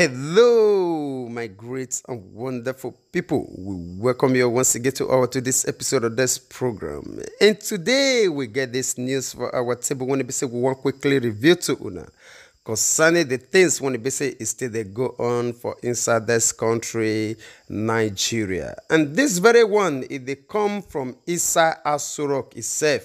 Hello, my great and wonderful people. We welcome you once again to our to this episode of this program. And today we get this news for our table. be we want quickly review to Una concerning the things when they say is still they go on for inside this country, Nigeria. And this very one, if they come from Isa Asurok itself.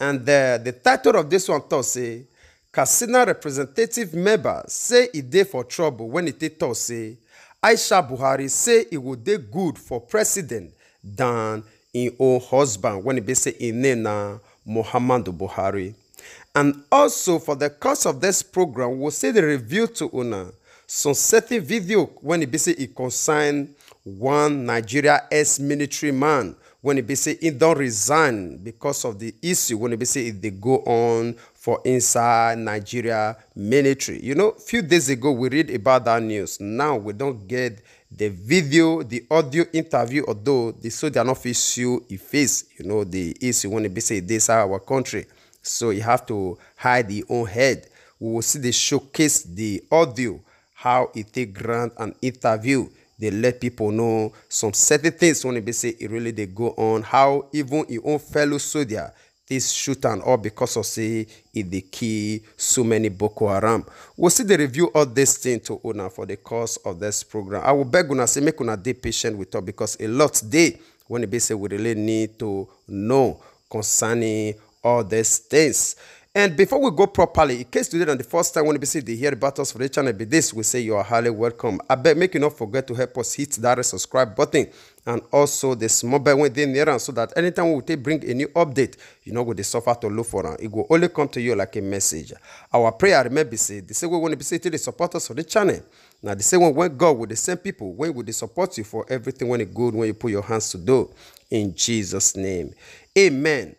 And the, the title of this one, Tosi, katsina representative members say e dey for trouble when e take tok say aisha buhari say e go dey good for president than im e own husband when e be say im e name na muhammadu buhari and also for the course of this program we we'll say the review to una some certain video when e be say e concern one nigeria ex-military man when e be say e don resign because of the issue when e be say e dey go on for inside Nigeria military. You know, few days ago we read about that news. Now we don't get the video, the audio interview, although the soldier not issue he face, you know, the issue when they say this our country. So you have to hide the own head. We will see they showcase the audio, how it take grant an interview. They let people know some certain things when they say it really they go on, how even your own fellow soldier this shoot and all because of see it dey key. so many boko haram we see the review of this thing to una for the course of this program i will beg una say make una dey patient with us because a lot day when e be say we really need to know concerning all these things And before we go properly, in case today on the first time when you see the hear about us for the channel be this, we say you are highly welcome. I bet make you not forget to help us hit that subscribe button and also the small bell when they near so that anytime we take bring a new update, you know go the suffer to look for it will only come to you like a message. Our prayer remember say the same way when we say to the supporters for the channel. Now the same one when God with the same people, when will they support you for everything when it good when you put your hands to do in Jesus' name. Amen.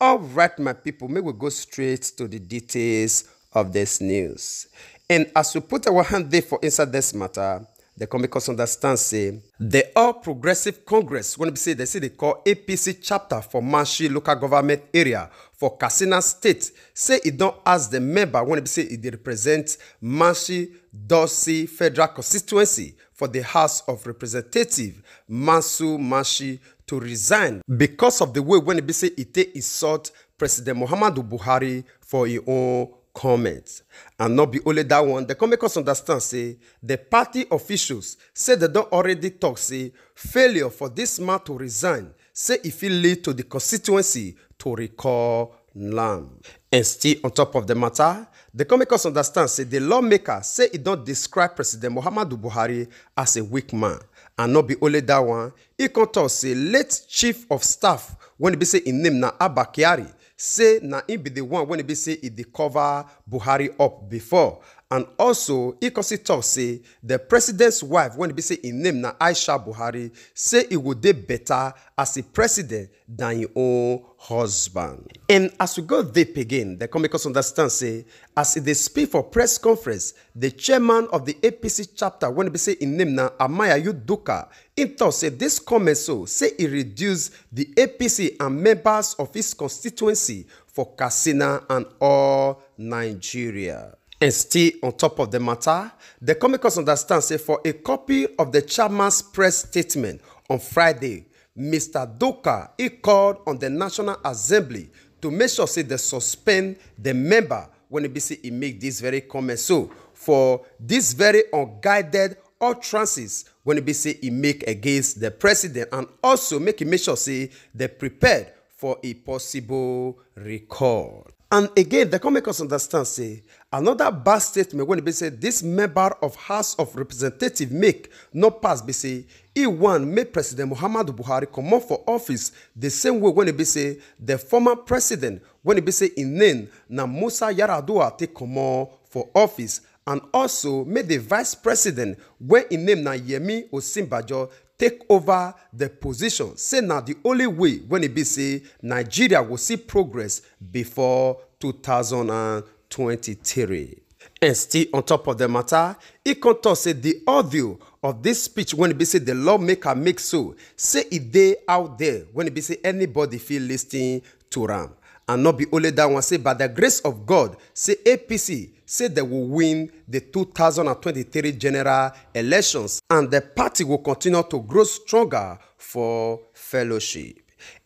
All right, my people, may we go straight to the details of this news. And as we put our hand there for inside this matter, the Comicus understands say the All Progressive Congress, when we say they say they call APC chapter for Manshi local government area for Katsina State, say it don't ask the member when we say it represents Manshi Dorsi federal constituency for the House of Representative Mansu Manshi to resign because of the way when be say ite insult President Muhammadu Buhari for his own comments. And not be only that one, the come make us understand, say, the party officials say they don't already talk, say, failure for this man to resign, say if it lead to the constituency to recall Lamb. And still on top of the matter, the come make us understand, say, the lawmaker say it don't describe President Muhammadu Buhari as a weak man and not be only that one He can tok say late chief of staff when e be say im name na abba kyari say na he be the one when e be say he cover buhari up before and also e come still tok say the president's wife wey be say im name na aisha buhari say e go dey better as a president than im own husband and as we go deep again dem come make us understand say as e dey speak for press conference di chairman of di apc chapter wey be say im name na amayayu duka im tok say dis comment so say e reduce di apc and members of his constituency for katsina and all nigeria And still on top of the matter, the Comicus understands say for a copy of the chairman's press statement on Friday, Mr. Doka he called on the National Assembly to make sure say they suspend the member when he be say he make this very comment. So for this very unguided utterances when he be say he make against the president and also make him make sure say they prepared for a possible recall. And again, they can make us understand, say, another bad statement when they say, this member of House of Representatives make no pass, they say, he one make President Muhammadu Buhari come out for office the same way when they say, the former president, when they say, in name, na Musa Yaradua take come out for office and also make the vice president when in name na yemi osinbajo take over the position say now the only way when it be say nigeria will see progress before 2023 and still on top of the matter, e con tok say di audio of this speech when it be say the lawmaker make so say it day out there when it be say anybody feel listening to am and not be only that one say by the grace of god say apc say they will win the 2023 general elections and the party will continue to grow stronger for fellowship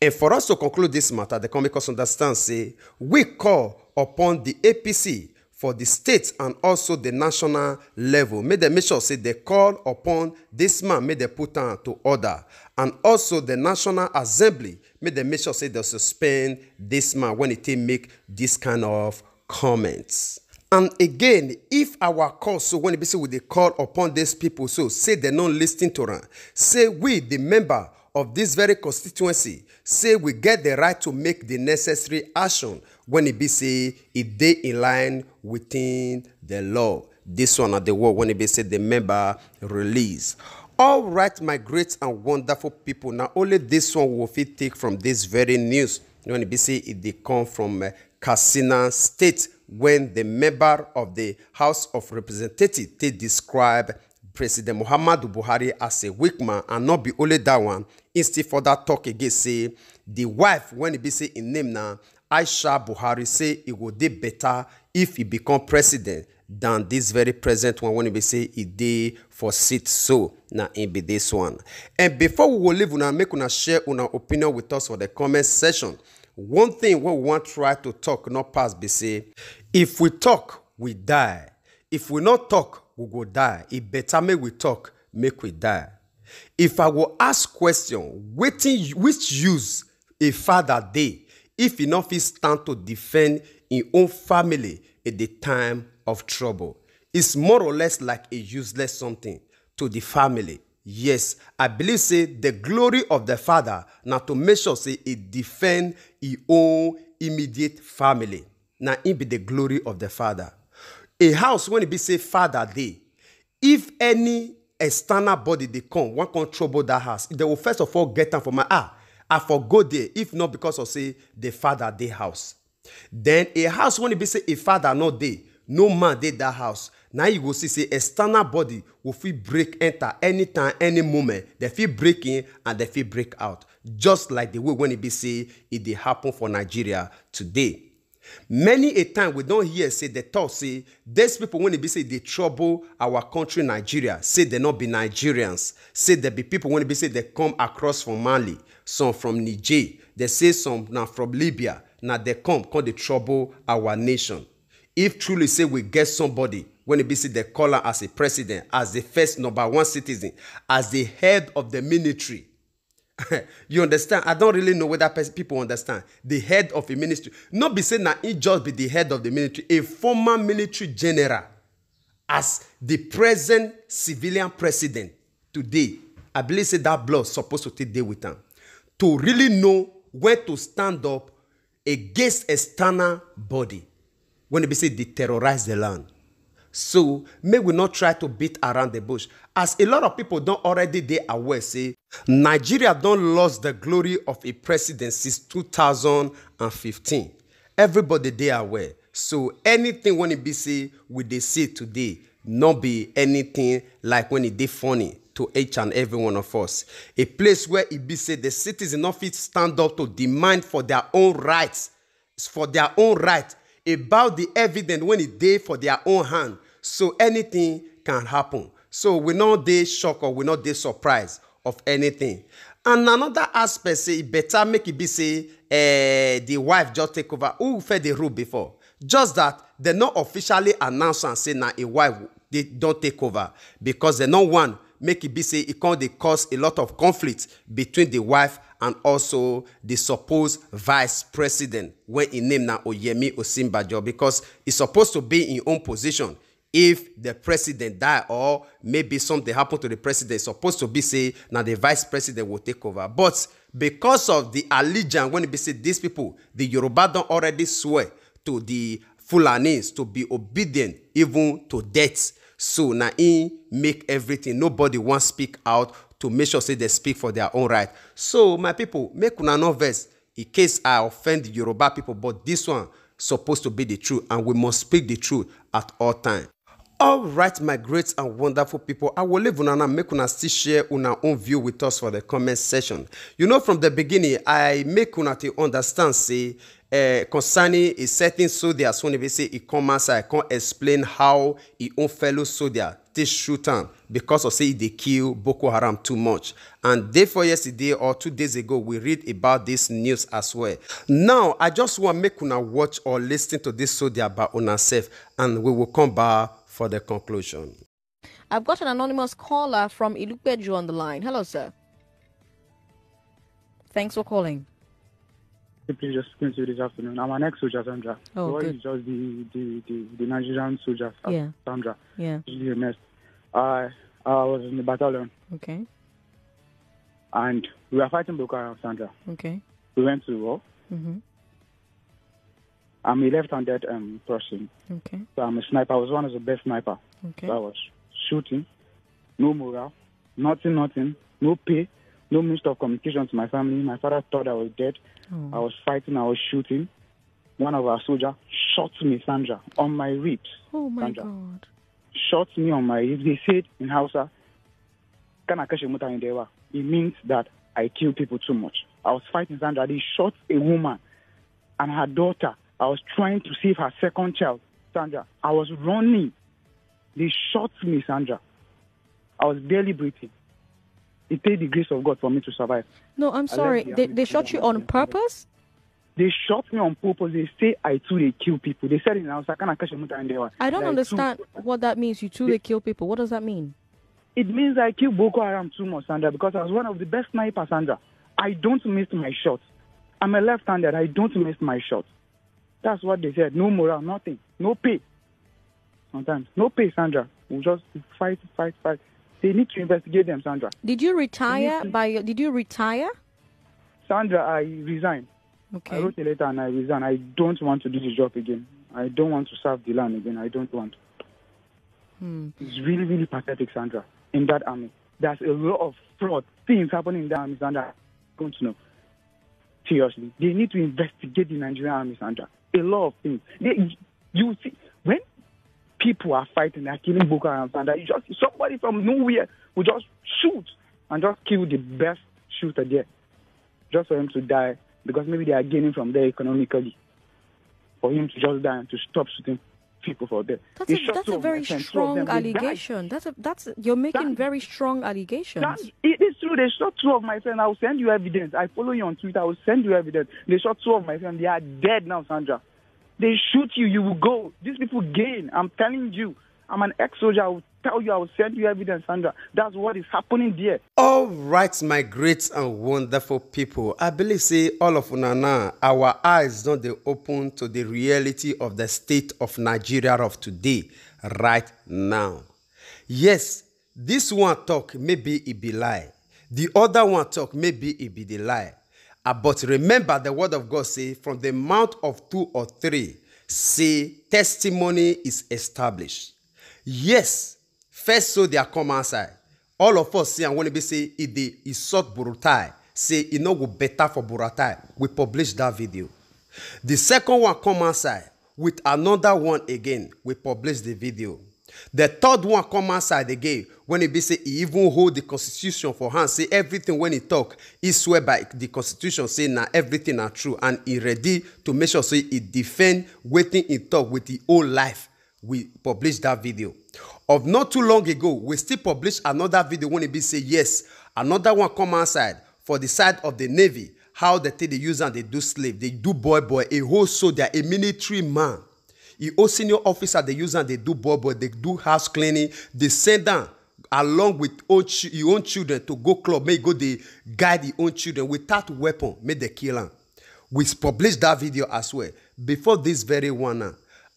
and for us to conclude this matter the comicus understand say we call upon the apc for the state and also the national level make dem make sure say they call upon this man make dem put him to order and also the national assembly make dem make sure say they suspend this man when e make this kind of comments. and again if our call so when e be say we dey call upon these people, so say they're not listening to am say we the member of this very constituency say we get the right to make the necessary action when it be say e dey in line within the law This one at the word when it be say the member release all right my great and wonderful people Now only this one will fit take from this very news when it be say e dey come from uh, katsina state when the member of the house of representatives take describe president muhammadu buhari as a weak man and not be only that one Instead still that talk again say the wife when he be say in name now, aisha buhari say it go be better if he become president than this very present one when he be say he day for seat so na im be this one and before we will leave una make una share una opinion with us for the comment session. one thing wey we wan try to talk not pass be say if we talk we die if we not talk we go die e better make we talk make we die if i go ask question wetin which use a father dey if e no fit stand to defend im own family at the time of trouble it's more or less like a useless something to the family yes i believe say the glory of the father na to make sure say e defend e own immediate family na im be the glory of the father a house wey e be say father dey if any external body dey come wan come trouble that house they will first of all get am for my ah i for go there if not because of say the father dey house then a house when e be say a father no dey no man dey that house na you go see say external body go fit break enter anytime any moment dem fit break in and dem fit break out just like the way when e be say e dey happen for nigeria today many a time we don't hear say they talk say these people wey e be say they trouble our country nigeria say they not be nigerians say dem be people wey e be say they come across from mali some from niger they say some now from libya now they come come dey trouble our nation if truly say we get somebody when e be say they call am as a president as the first number one citizen as the head of the military you understand? I don't really know whether people understand. The head of a ministry. Not be saying that He just be the head of the ministry. A former military general as the present civilian president today. I believe say that blood supposed to take day with him To really know where to stand up against external body. When they be say they terrorize the land. So may we not try to beat around the bush. As a lot of people don't already they aware, say Nigeria don't lost the glory of a president since 2015. Everybody they aware. So anything when it be say we they say today, not be anything like when it they funny to each and every one of us. A place where it be said the citizens of it stand up to demand for their own rights, for their own right about the evidence when it day for their own hand. So anything can happen. So we not this shock or we not this surprise of anything. And another aspect say e better make it e be say uh, the wife just take over. Who fed the rule before? Just that they not officially announce am say na a wife they don't take over because they not want make it e be say it e can dey cause a lot of conflict between the wife and also the supposed vice president wey he named now oyemi osinbajo because e supposed to be in own position if the president die or maybe something happen to the president it's supposed to be say na the vice president will take over but because of the allegiance when be say these people the yoruba don already swear to the fulanis to be obedient even to death so na im make everything nobody wan speak out to make sure say they speak for their own right so my people make una no vex in case i offend the yoruba people but this one supposed to be the truth and we must speak the truth at all time all right my great and wonderful people i will leave una make una still share una own view with us for the comment session. you know from the beginning i make una to understand say uh, concerning a certain soldier so they say he come i can explain how e own fellow soldier take shoot am because of say e kill boko haram too much and therefore yesterday or two days ago we read about this news as well now i just wan make una watch or listen to this soldier about una sef and we will come back for the conclusion. I've got an anonymous caller from Ilukbeju on the line. Hello, sir. Thanks for calling. Please just pleasure speaking to you this afternoon. I'm an ex-soldier, Sandra. Oh, good. just the, the, the, the Nigerian soldier, yeah. Sandra. Yeah. I, I was in the battalion. Okay. And we were fighting Boko Haram, Sandra. Okay. We went to war. Mm-hmm. I'm a left-handed um, person. Okay. So I'm a sniper. I was one of the best sniper. Okay. So I was shooting, no morale, nothing, nothing, no pay, no means of communication to my family. My father thought I was dead. Oh. I was fighting. I was shooting. One of our soldier shot me, Sandra, on my ribs. Oh my Sandra. God! Shot me on my ribs. They said in Hausa, "Kanakashimuta It means that I kill people too much. I was fighting Sandra. They shot a woman and her daughter I was trying to save her second child, Sandra. I was running. They shot me, Sandra. I was barely breathing. It took the grace of God for me to survive. No, I'm sorry. They, they shot you on purpose? They shot me on purpose. They say I too they kill people. They said in now. I I don't understand what that means. You too they, they kill people. What does that mean? It means I kill Boko Haram too much, Sandra, because I was one of the best snipers, Sandra. I don't miss my shots. I'm a left-hander. I don't miss my shots. That's what they said. No morale, nothing. No pay. Sometimes. No pay, Sandra. we just fight, fight, fight. They need to investigate them, Sandra. Did you retire to... by did you retire? Sandra, I resigned. Okay. I wrote a letter and I resigned. I don't want to do the job again. I don't want to serve the land again. I don't want. Hmm. It's really, really pathetic, Sandra, in that army. There's a lot of fraud things happening in the army, Sandra. I don't know. Seriously. They need to investigate the Nigerian army, Sandra a lot of things. They, you see, when people are fighting, they're killing Boko Haram, and that you just somebody from nowhere will just shoot and just kill the best shooter there, just for him to die because maybe they are gaining from there economically, for him to just die and to stop shooting people for that. That's, a, that's a, very strong allegation. That's a, that's you're making that, very strong allegations. That, it is true. They shot two of my friends. I will send you evidence. I follow you on Twitter. I will send you evidence. They shot two of my friends. They are dead now, Sandra. They shoot you, you will go. These people gain. I'm telling you. I'm an ex-soldier. I will tell you, I will send you evidence, Sandra. Uh, that's what is happening there. All right, my great and wonderful people. I believe, say, all of Unana, our eyes don't they open to the reality of the state of Nigeria of today, right now. Yes, this one talk, maybe it be lie. The other one talk, maybe it be the lie. Uh, but remember the word of God say, from the mouth of two or three, say testimony is established. Yes, first so their come outside all of us see am when e be say e dey insult burutai say e no go better for burutai we publish that video the second one come outside with another one again we publish the video the third one come outside again when e be say e even hold the constitution for hand say everything when e talk e swear by the constitution say na everything na true and e ready to make sure say e defend wetin e talk with e whole life we publish that video of not too long ago we still published another video when it be say yes another one come outside for the side of the navy how they take the user, and they do slave they do boy boy a whole soldier a military man a whole senior officer they use and they do boy boy they do house cleaning they send down along with own your own children to go club may go they guide your own children without weapon may they kill them we published that video as well before this very one ah,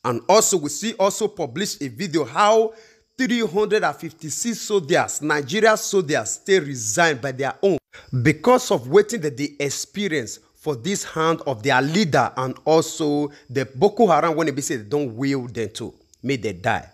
and also we see also published a video how 356 soldiers, Nigeria soldiers, still resigned by their own because of waiting that they experience for this hand of their leader and also the Boko Haram when they say they don't will them to. May they die.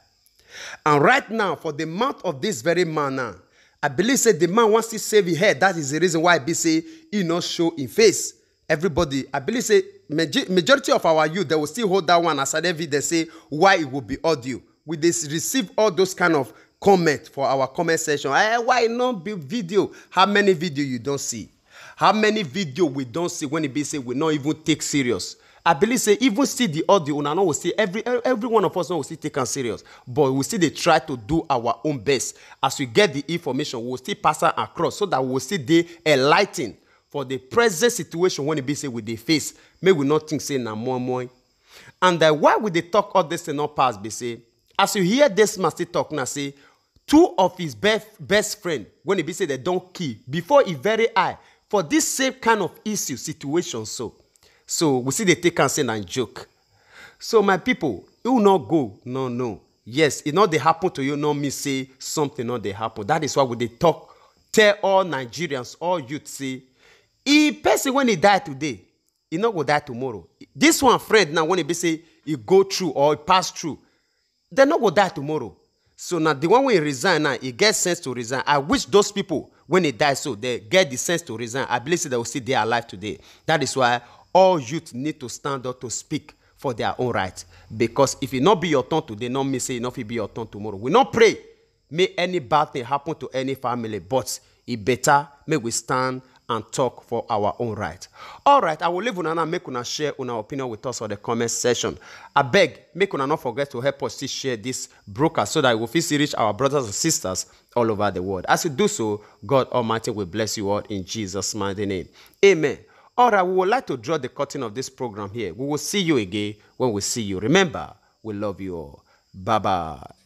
And right now, for the mouth of this very man now, ah, I believe say the man wants to save his head. That is the reason why be say he not show in face. Everybody, I believe say majority of our youth, they will still hold that one as an evidence, say why it will be audio we dey receive all those kind of comment for our comment section eh why not be video how many video you don see how many video we don see when e be say we no even take serious i believe say even see the audio una no go see every every one of us no go still take am serious but we still dey try to do our own best as we get the information we go still pass am across so that we go still dey enligh ten for the present situation when e be say we dey face make we no think say na moi moi and uh, why we dey talk all this thing no pass be say as you hear this master talk now say two of his best best friend when he be say they donkey before he very eye for this same kind of issue situation so so we see they take and say and joke so my people you not go no no yes e not they happen to you not me say something Not they happen that is why we they talk tell all nigerians all youth say He person when he die today he not go die tomorrow this one friend now when he be say he go through or pass through they no go die tomorrow so now the one he resign now he get sense to resign i wish those people when they die so they get the sense to resign i believe that they will they are alive today that is why all youth need to stand up to speak for their own right because if it not be your turn today not mean say enough it be your turn tomorrow we not pray May any bad thing happen to any family but it better may we stand and talk for our own right. All right, I will leave Unana, make una share una opinion with us on the comment section. I beg, make una not forget to help us to share this broadcast so that we will reach our brothers and sisters all over the world. As you do so, God Almighty will bless you all in Jesus' mighty name. Amen. All right, we would like to draw the curtain of this program here. We will see you again when we see you. Remember, we love you all. Bye bye.